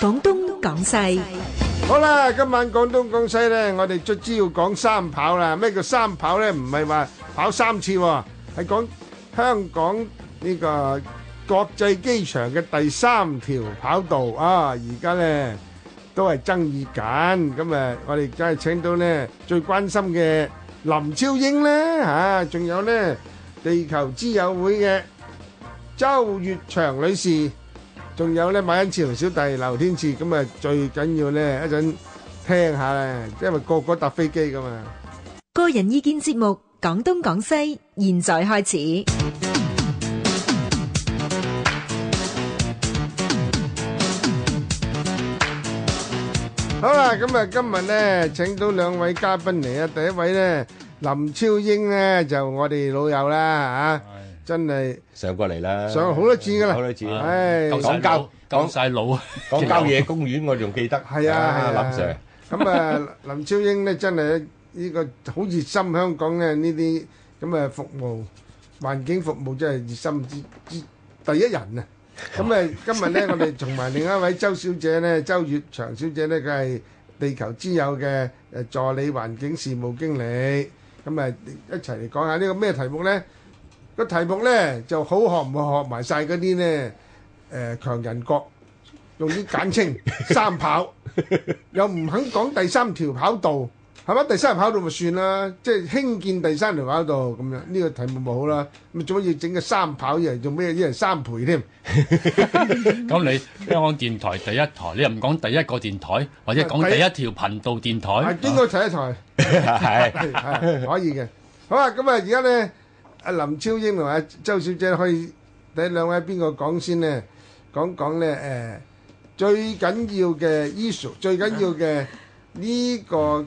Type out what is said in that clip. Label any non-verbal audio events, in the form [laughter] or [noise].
廣東廣西，好啦，今晚廣東廣西呢，我哋最主要講三跑啦。咩叫三跑呢？唔係話跑三次喎，啊，係講香港呢個國際機場嘅第三條跑道啊！而家呢，都係爭議緊，咁啊，我哋真係請到呢最關心嘅林超英呢吓，仲、啊、有呢，地球之友會嘅周月翔女士。仲有咧，馬恩賜同小弟劉天賜，咁啊最緊要咧，一陣聽下咧，因為個個搭飛機噶嘛。個人意見節目，講東講西，現在開始。好啦，咁啊，今日咧請到兩位嘉賓嚟啊，第一位咧。林超英呢就我哋老友啦嚇，真係上過嚟啦，上好多次噶啦，好多次，唉，講交講曬老，講郊野公園我仲記得，係啊，係啊，林 Sir。咁啊，林超英呢真係呢個好熱心香港嘅呢啲咁嘅服務環境服務真係熱心之之第一人啊！咁啊，今日呢我哋同埋另一位周小姐呢，周月翔小姐呢，佢係地球之友嘅誒助理環境事務經理。咁咪一齊嚟講下呢個咩題目咧？個題目咧就好學唔會學埋晒嗰啲咧？誒、呃、強人國，用於簡稱 [laughs] 三跑，又唔肯講第三條跑道。係咪第三條跑道咪算啦？即係興建第三條跑道咁樣，呢個題目咪好啦。咁做乜要整個三跑，依係做咩？依係三倍添。咁你香港電台第一台，你又唔講第一個電台，或者講第一條頻道電台？邊個第一台係係可以嘅。好啊，咁啊，而家咧，阿林超英同阿周小姐可以睇兩位邊個講先咧？講講咧誒，最緊要嘅 issue，最緊要嘅呢個。